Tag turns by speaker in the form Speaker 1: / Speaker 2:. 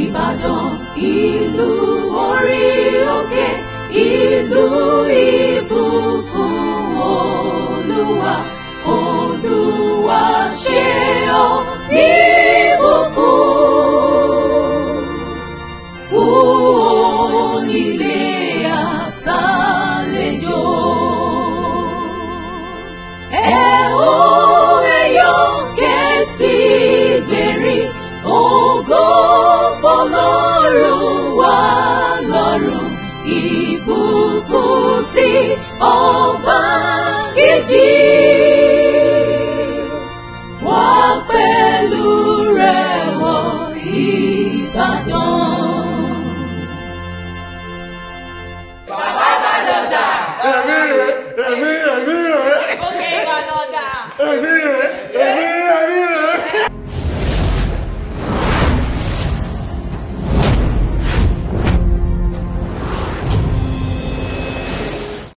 Speaker 1: Ìbàdàn ìlú orí òkè ìlú ìbùkún olúwa olúwa ṣe ọ ní ìbùkún fún onílé àtàlejò ẹ ó ẹyọ kẹsì bẹ̀rẹ̀ ògo. ìbùkún tí ọba ìjì wá pẹ̀lú rẹ̀ wọ Ìbàdàn.
Speaker 2: bàbá Ìbàdàn dà. èmi rè